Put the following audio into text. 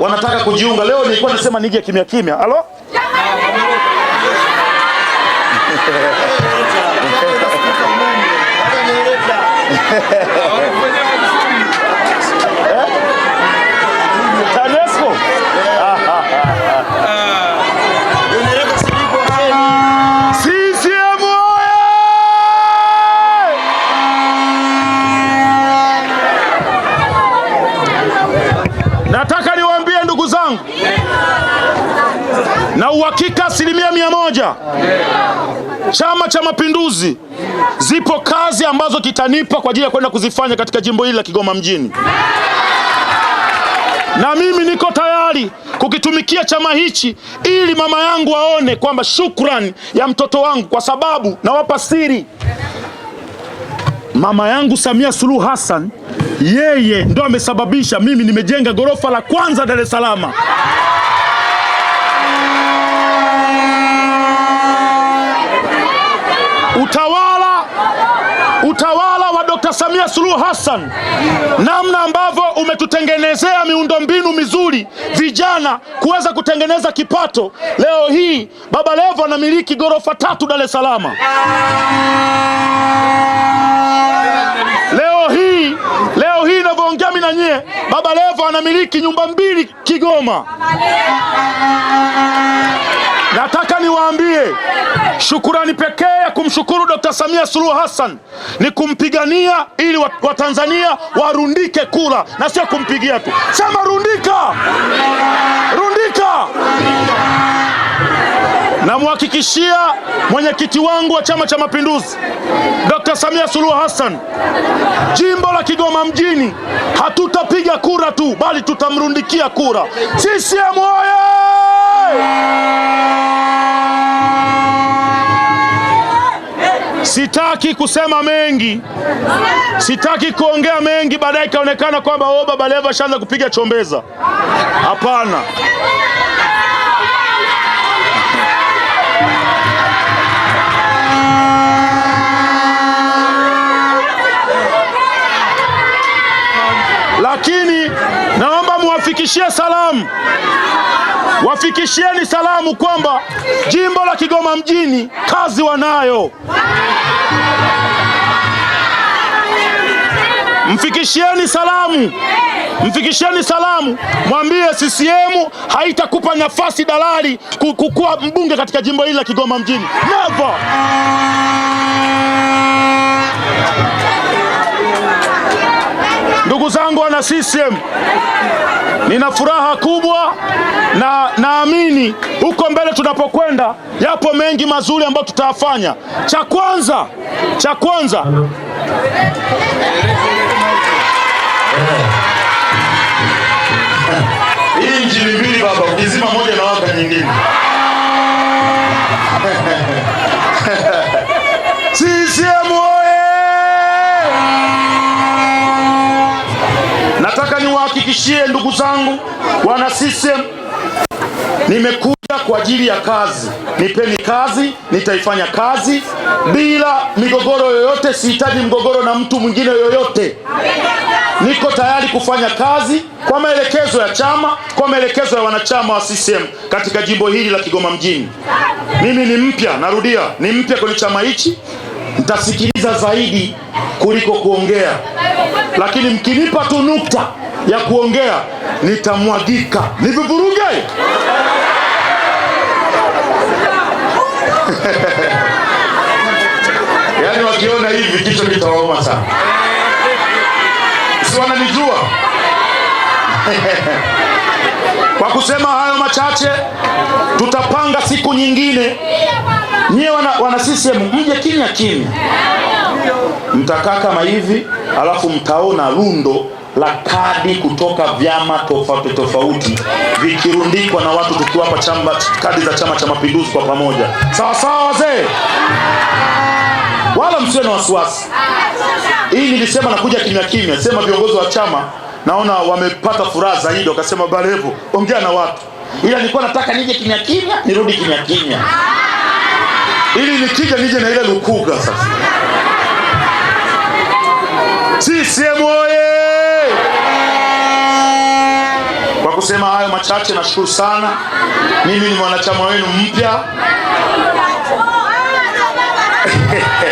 wanataka kujiunga. Leo nilikuwa nasema nije kimya kimya. Halo? uhakika asilimia mia moja. Chama cha Mapinduzi, zipo kazi ambazo kitanipa kwa ajili ya kwenda kuzifanya katika jimbo hili la Kigoma mjini, na mimi niko tayari kukitumikia chama hichi ili mama yangu aone kwamba shukrani ya mtoto wangu, kwa sababu nawapa siri, mama yangu Samia Suluhu Hassan yeye ndo amesababisha mimi nimejenga ghorofa la kwanza Dar es Salaam. Samia Suluhu Hassan, namna ambavyo umetutengenezea miundombinu mizuri vijana kuweza kutengeneza kipato. Leo hii Baba Levo anamiliki ghorofa tatu Dar es Salaam. Leo hii leo hii inavyoongea mimi na nyie, Baba Levo anamiliki nyumba mbili Kigoma. Nataka niwaambie shukurani pekee kumshukuru Dkt. Samia Suluhu Hassan ni kumpigania ili Watanzania warundike kura na sio kumpigia tu. Sema rundika, rundika. Namhakikishia mwenyekiti wangu wa Chama cha Mapinduzi Dkt. Samia Suluhu Hassan, jimbo la Kigoma mjini hatutapiga kura tu, bali tutamrundikia kura. CCM oye! Sitaki kusema mengi, sitaki kuongea mengi, baadaye ikaonekana kwamba o, oh, Baba Levo ashaanza kupiga chombeza. Hapana. Lakini naomba muwafikishie salamu, wafikishieni salamu kwamba jimbo la Kigoma mjini kazi wanayo. Mfikishieni salamu, mfikishieni salamu, mwambie CCM haitakupa nafasi dalali kukuwa mbunge katika jimbo hili la Kigoma mjini. Never. Ndugu zangu wana CCM, nina furaha kubwa na naamini huko mbele tunapokwenda yapo mengi mazuri ambayo tutayafanya. Cha kwanza cha kwanza hii injili mbili baba, ukizima moja na waka nyingine niwahakikishie ndugu zangu wana CCM, nimekuja kwa ajili ya kazi. Nipeni kazi, nitaifanya kazi bila migogoro yoyote. Sihitaji mgogoro na mtu mwingine yoyote. Niko tayari kufanya kazi kwa maelekezo ya chama, kwa maelekezo ya wanachama wa CCM katika jimbo hili la Kigoma mjini. Mimi ni mpya, narudia, ni mpya kwenye chama hichi. Nitasikiliza zaidi kuliko kuongea, lakini mkinipa tu nukta ya kuongea nitamwagika, nivivuruge yani wakiona hivi kichwa kitawauma sana, si wananijua? Kwa kusema hayo machache, tutapanga siku nyingine. Nyie wana, wana CCM mje kimya kimya, mtakaa kama hivi, alafu mtaona lundo la kadi kutoka vyama tofauti tofauti vikirundikwa na watu tukiwapa chamba kadi za Chama cha Mapinduzi kwa pamoja, sawa sawa. Wazee wala msiwe na wasiwasi, hii nilisema nakuja kimya kimya, sema viongozi wa chama naona wamepata furaha zaidi, wakasema bale hivyo, ongea na watu, ila nilikuwa nataka nije kimya kimya, nirudi kimya kimya, ili nikija nije na ile lukuga sasa. CCM oye! kusema hayo machache, nashukuru sana. Mimi ni mwanachama wenu mpya